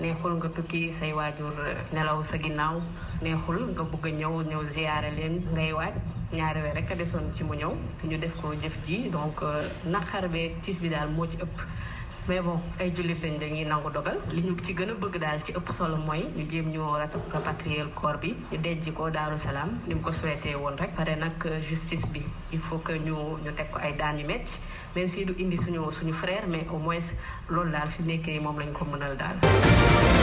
ne neexul nga tukki say waajur nelaw sa ginnaaw neexul nga bugg a ñëw ñëw ziyaare leen ngay waaj ñaari we rek a desoon ci mu ñëw ñu def ko jëf ji donc euh, naqar beeg tiis bi daal moo ci ëpp. mais bon ay jullit lañ dañuy nangu dogal li ñu ci gën a bëgg daal ci ëpp solo mooy ñu jéem ñu rapatrier corps bi ñu denc ko Daaru Salaam ni mu ko souhaité woon rek pare nag justice bi il faut que ñu ñu teg ko ay daan yu métti même si du indi suñu suñu frère mais au moins loolu daal fi nekkee nekk nii moom lañ ko mënal daal